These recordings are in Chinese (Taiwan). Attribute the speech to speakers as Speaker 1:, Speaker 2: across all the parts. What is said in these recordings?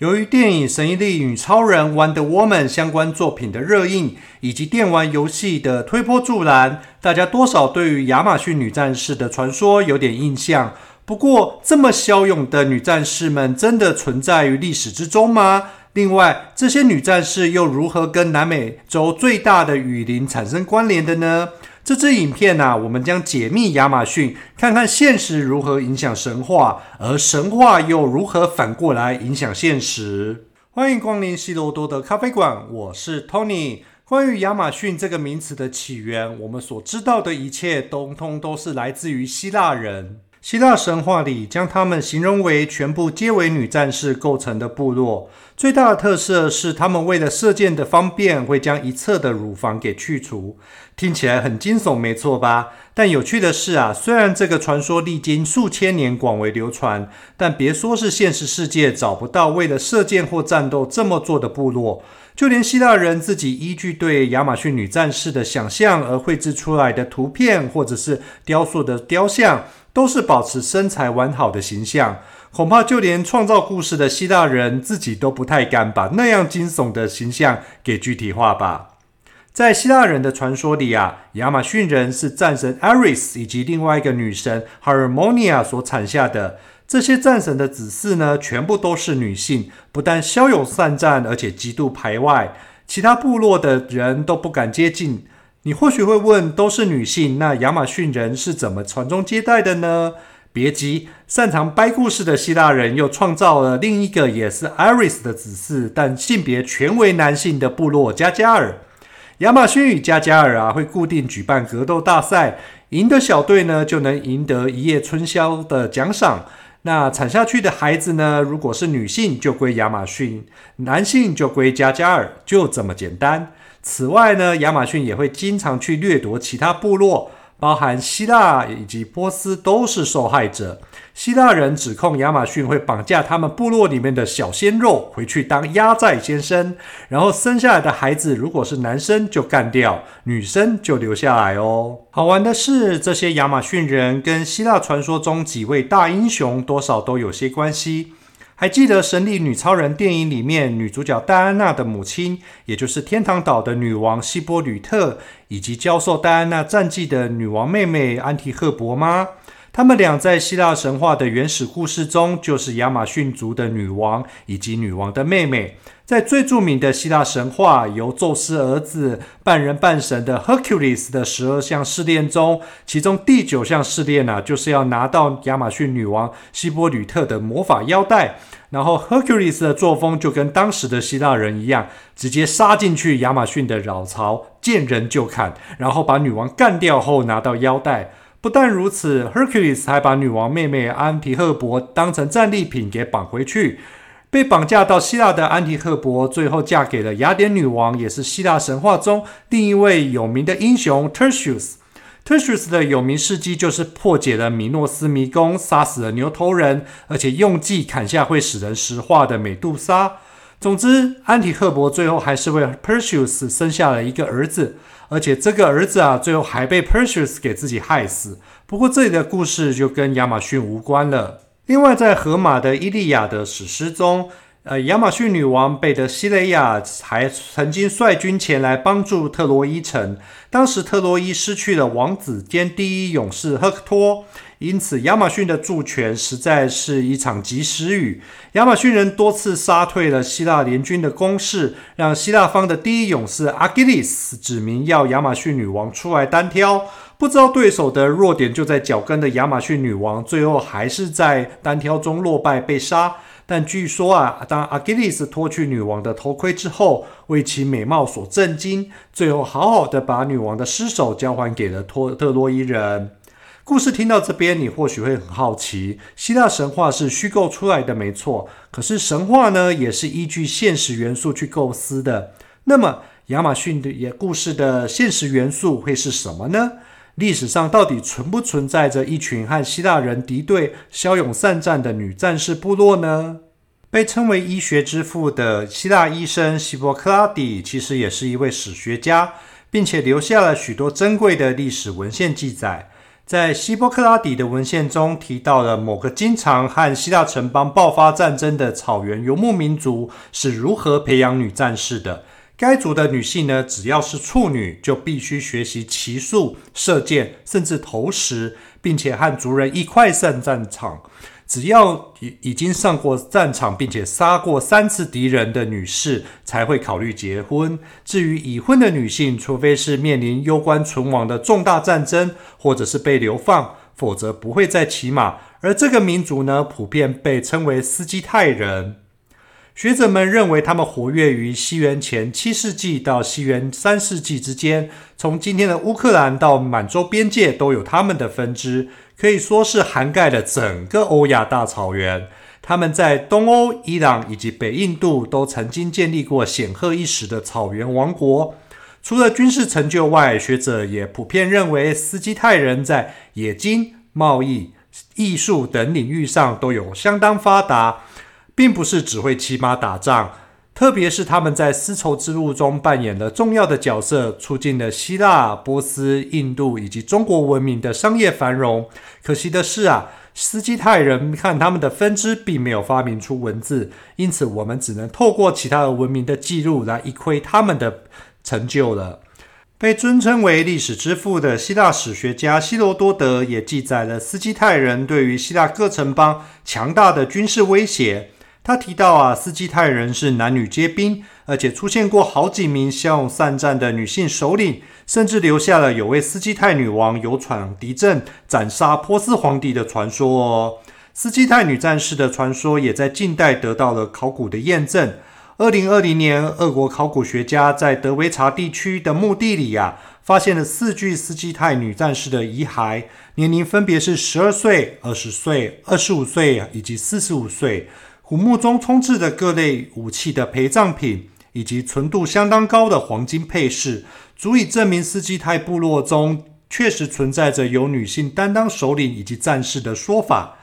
Speaker 1: 由於電影《神力女超人 Wonder Woman》相關作品的熱映，以及電玩遊戲的推波助瀾，大家多少對於亞馬遜女戰士的傳說有點印象。不過，這麼驍勇的女戰士們，真的存在於歷史之中嗎？另外，這些女戰士又如何跟南美洲最大的雨林產生關聯的呢？這支影片呢、啊，我們將解密亞馬遜，看看現實如何影響神話，而神話又如何反過來影響現實。歡迎光臨希羅多的咖啡館，我是 Tony。關於亞馬遜這個名詞的起源，我們所知道的一切，通通都是來自於希臘人。希臘神話裡將她們形容為全部皆為女戰士構成的部落，最大的特色是她們為了射箭的方便，會將一側的乳房給去除。聽起來很驚悚，沒錯吧？但有趣的是啊，雖然這個傳說歷經數千年廣為流傳，但別說是現實世界找不到為了射箭或戰鬥這麼做的部落，就連希臘人自己依據對亞馬遜女戰士的想象而繪制出來的圖片，或者是雕塑的雕像。都是保持身材完好的形象，恐怕就連創造故事的希臘人自己都不太敢把那樣驚悚的形象給具體化吧。在希臘人的傳說裡啊，亞馬遜人是戰神阿瑞斯以及另外一個女神 Harmonia 所產下的。這些戰神的子嗣呢，全部都是女性，不但驍勇善戰，而且極度排外，其他部落的人都不敢接近。你或許會問，都是女性，那亞馬遜人是怎麼傳宗接代的呢？別急，擅長掰故事的希臘人又創造了另一個也是艾瑞斯的子嗣，但性別全為男性的部落——加加爾。亞馬遜與加加爾啊，會固定舉辦格鬥大賽，贏得小隊呢就能贏得一夜春宵的獎賞。那產下去的孩子呢，如果是女性就歸亞馬遜，男性就歸加加爾，就這麼簡單。此外呢，亞馬遜也會經常去掠奪其他部落，包含希臘以及波斯都是受害者。希臘人指控亞馬遜會綁架他們部落裡面的小鮮肉回去當壓寨先生，然後生下來的孩子如果是男生就幹掉，女生就留下來哦。好玩的是，這些亞馬遜人跟希臘傳說中幾位大英雄多少都有些關係。還記得《神力女超人》電影裡面女主角戴安娜的母親，也就是天堂島的女王希波呂特，以及教授戴安娜戰技的女王妹妹安提赫伯嗎？他們倆在希臘神話的原始故事中，就是亞馬遜族的女王以及女王的妹妹。在最著名的希臘神話，由宙斯兒子半人半神的 Hercules 的十二項試煉中，其中第九項試煉呢，就是要拿到亞馬遜女王希波呂特的魔法腰帶。然後 Hercules 的作風就跟當時的希臘人一樣，直接殺進去亞馬遜的老巢，見人就砍，然後把女王幹掉後拿到腰帶。不但如此，Hercules 還把女王妹妹安提赫伯當成戰利品給綁回去。被綁架到希臘的安提赫伯，最後嫁給了雅典女王，也是希臘神話中另一位有名的英雄 Theseus。Theseus 的有名事蹟就是破解了米諾斯迷宮，殺死了牛頭人，而且用計砍下會使人石化的美杜莎。總之，安提赫伯最後還是為 Perseus 生下了一個兒子，而且這個兒子啊，最後還被 Perseus 給自己害死。不過，這裡的故事就跟亞馬遜無關了。另外，在荷馬的《伊利亞的史詩》中，呃，亞馬遜女王貝德西雷亞還曾經率軍前來幫助特洛伊城。當時，特洛伊失去了王子兼第一勇士赫克托。因此，亞馬遜的助拳實在是一場及時雨。亞馬遜人多次殺退了希臘聯軍的攻勢，讓希臘方的第一勇士阿基利斯指名要亞馬遜女王出來單挑。不知道對手的弱點就在腳跟的亞馬遜女王，最後還是在單挑中落敗被殺。但據說啊，當阿基利斯脫去女王的頭盔之後，為其美貌所震驚，最後好好的把女王的屍首交還給了特洛伊人。故事聽到這邊，你或許會很好奇：希臘神話是虛構出來的，沒錯。可是神話呢，也是依據現實元素去構思的。那麼，亞馬遜的也故事的現實元素會是什麼呢？歷史上到底存不存在着一群和希臘人敵對、驍勇善戰的女戰士部落呢？被稱為醫學之父的希臘醫生希波克拉底，其實也是一位史學家，並且留下了許多珍貴的歷史文獻記載。在希波克拉底的文獻中提到了某個經常和希臘城邦爆發戰爭的草原游牧民族是如何培養女戰士的。該族的女性呢，只要是處女，就必須學習騎術、射箭，甚至投石，並且和族人一塊上戰場。只要已已經上過戰場，並且殺過三次敵人的女士才會考慮結婚。至於已婚的女性，除非是面臨攸關存亡的重大戰爭，或者是被流放，否則不會再騎馬。而這個民族呢，普遍被稱為斯基泰人。學者們認為，他們活躍於西元前七世紀到西元三世紀之間，從今天的烏克蘭到滿洲邊界都有他們的分支，可以說是涵蓋了整個歐亞大草原。他們在東歐、伊朗以及北印度都曾經建立過顯赫一時的草原王國。除了軍事成就外，學者也普遍認為斯基泰人在冶金、貿易、藝術等領域上都有相當發達。並不是只會騎馬打仗，特別是他們在絲綢之路中扮演了重要的角色，促進了希臘、波斯、印度以及中國文明的商業繁榮。可惜的是啊，斯基泰人看他們的分支並沒有發明出文字，因此我們只能透過其他的文明的記錄來一窺他們的成就了。被尊稱為歷史之父的希臘史學家希羅多德也記載了斯基泰人對於希臘各城邦強大的軍事威脅。他提到啊，斯基泰人是男女皆兵，而且出現過好幾名驍勇善戰的女性首領，甚至留下了有位斯基泰女王勇闖敵陣、斬殺波斯皇帝的傳說哦。斯基泰女戰士的傳說也在近代得到了考古的驗證。二零二零年，俄國考古學家在德維查地區的墓地裡呀、啊，發現了四具斯基泰女戰士的遺骸，年齡分別是十二歲、二十歲、二十五歲以及四十五歲。古墓中充斥着各類武器的陪葬品，以及純度相當高的黃金配飾，足以證明斯基泰部落中確實存在着由女性擔當首領以及戰士的說法。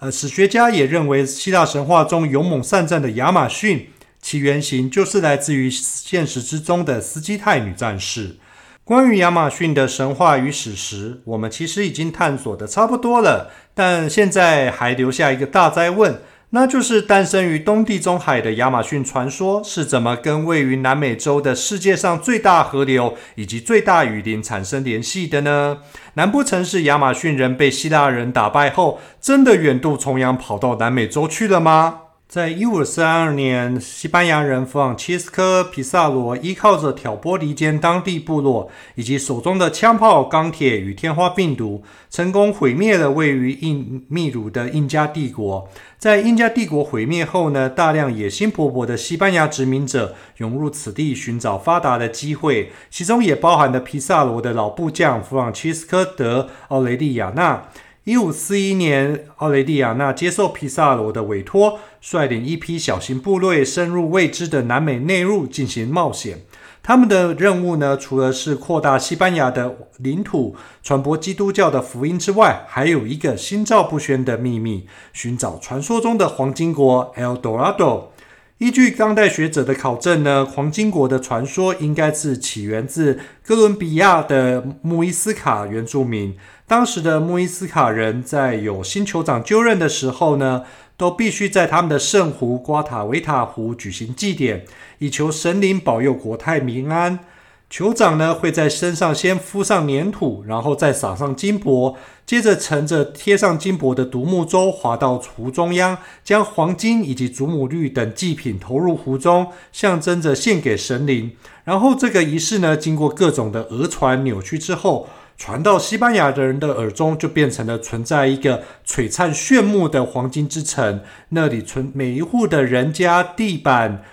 Speaker 1: 而史學家也認為，希臘神話中勇猛善戰的亞馬遜，其原型就是來自於現實之中的斯基泰女戰士。關於亞馬遜的神話與史實，我們其實已經探索得差不多了，但現在還留下一個大哉問。那就是誕生於東地中海的亞馬遜傳說，是怎麼跟位於南美洲的世界上最大河流以及最大雨林產生聯繫的呢？難不成是亞馬遜人被希臘人打敗後，真的遠渡重洋跑到南美洲去了嗎？在一五三二年，西班牙人弗朗切斯科·皮薩羅依靠着挑撥離間當地部落，以及手中的槍炮、鋼鐵與天花病毒，成功毀滅了位於印秘魯的印加帝國。在印加帝國毀滅後呢，大量野心勃勃的西班牙殖民者湧入此地，尋找發達的機會，其中也包含了皮薩羅的老部將弗朗切斯科·德·奧雷利亞納。一五四一年，奧雷蒂亞納接受皮薩羅的委托，率領一批小型部隊深入未知的南美內陸進行冒險。他們的任務呢，除了是擴大西班牙的領土、傳播基督教的福音之外，還有一個心照不宣的秘密：尋找傳說中的黃金國 El Dorado。依據當代學者的考證呢，黃金國的傳說應該是起源自哥倫比亞的穆伊斯卡原住民。當時的穆伊斯卡人在有新酋長就任的時候呢，都必須在他們的聖湖瓜塔維塔湖舉行祭典，以求神靈保佑國泰民安。酋長呢會在身上先敷上粘土，然後再撒上金箔，接着乘着貼上金箔的獨木舟劃到湖中央，將黃金以及祖母綠等祭品投入湖中，象徵着獻給神靈。然後這個儀式呢，經過各種的訛傳扭曲之後，傳到西班牙人的耳中，就變成了存在一個璀璨炫目的黃金之城，那裡存每一戶的人家地板。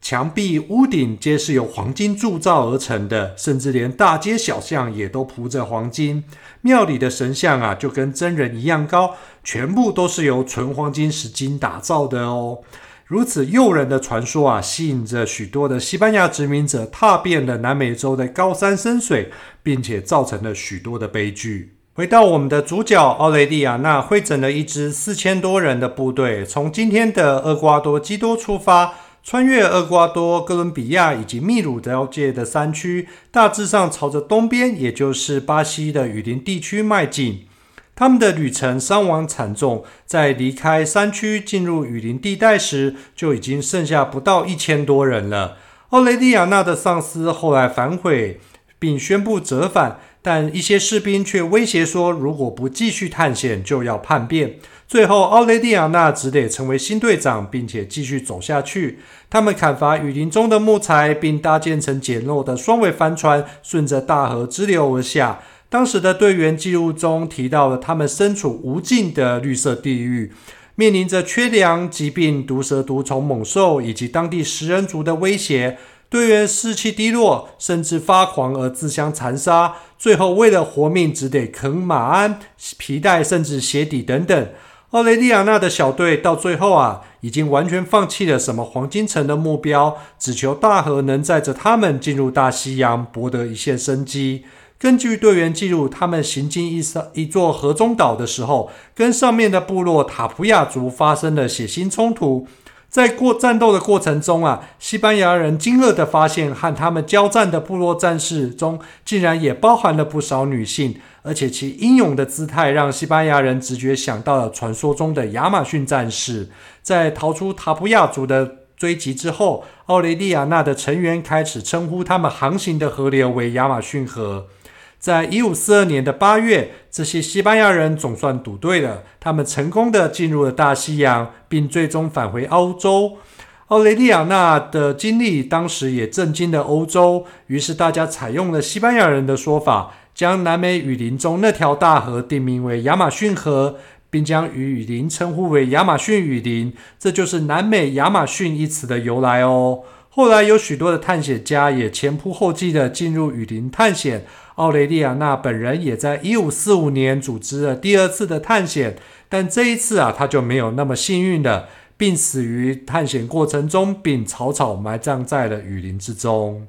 Speaker 1: 牆壁、屋頂皆是由黃金鑄造而成的，甚至連大街小巷也都鋪着黃金。廟裡的神像啊，就跟真人一樣高，全部都是由純黃金、石金打造的哦。如此誘人的傳說啊，吸引着許多的西班牙殖民者踏遍了南美洲的高山深水，並且造成了許多的悲劇。回到我們的主角奧雷利亞納，彙整了一支四千多人的部隊，從今天的厄瓜多基多出發。穿越厄瓜多、哥倫比亞以及秘魯交界的山區，大致上朝着東邊，也就是巴西的雨林地區邁進。他們的旅程傷亡慘重，在離開山區進入雨林地帶時，就已經剩下不到一千多人了。奧雷利亞納的上司後來反悔，並宣布折返，但一些士兵卻威脅說，如果不繼續探險，就要叛變。最後，奧雷蒂亞娜只得成為新隊長，並且繼續走下去。他們砍伐雨林中的木材，並搭建成簡陋的雙桅帆船，順着大河支流而下。當時的隊員記錄中提到了，他們身處無盡的綠色地獄，面臨着缺糧、疾病、毒蛇、毒蟲、猛獸以及當地食人族的威脅。隊員士氣低落，甚至發狂而自相殘殺。最後，為了活命，只得啃馬鞍、皮帶，甚至鞋底等等。奧雷利亞納的小隊到最後啊，已經完全放棄了什麼黃金城的目標，只求大河能載着他們進入大西洋，博得一線生機。根據隊員記錄，他們行進一一座河中島的時候，跟上面的部落塔普亞族發生了血腥衝突。在過戰鬥的過程中啊，西班牙人驚愕地發現，和他們交戰的部落戰士中竟然也包含了不少女性，而且其英勇的姿態讓西班牙人直覺想到了傳說中的亞馬遜戰士。在逃出塔布亞族的追擊之後，奧雷利亞納的成員開始稱呼他們航行的河流為亞馬遜河。在一五四二年的八月，這些西班牙人總算賭對了，他們成功地進入了大西洋，並最終返回歐洲。奧雷利亞納的經歷當時也震驚了歐洲，於是大家採用了西班牙人的說法，將南美雨林中那條大河定名為亞馬遜河，並將與雨林稱呼為亞馬遜雨林，這就是南美亞馬遜一詞的由來哦。後來有許多的探險家也前仆後繼地進入雨林探險。奧雷利亞納本人也在一五四五年組織了第二次的探險，但這一次啊，他就沒有那麼幸運了，病死於探險過程中，並草草埋葬在了雨林之中。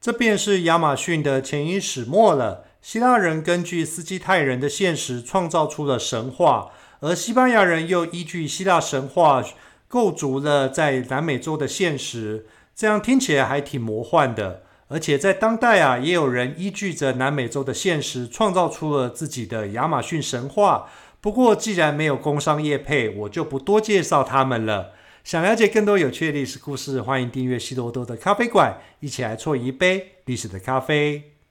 Speaker 1: 這便是亞馬遜的前因始末了。希臘人根據斯基泰人的現實創造出了神話，而西班牙人又依據希臘神話構築了在南美洲的現實。這樣聽起來還挺魔幻的。而且在當代啊，也有人依據着南美洲的現實，創造出了自己的亞馬遜神話。不過，既然沒有工商業配，我就不多介紹他們了。想了解更多有趣的歷史故事，歡迎訂閱西多多的咖啡館，一起來啜一杯歷史的咖啡。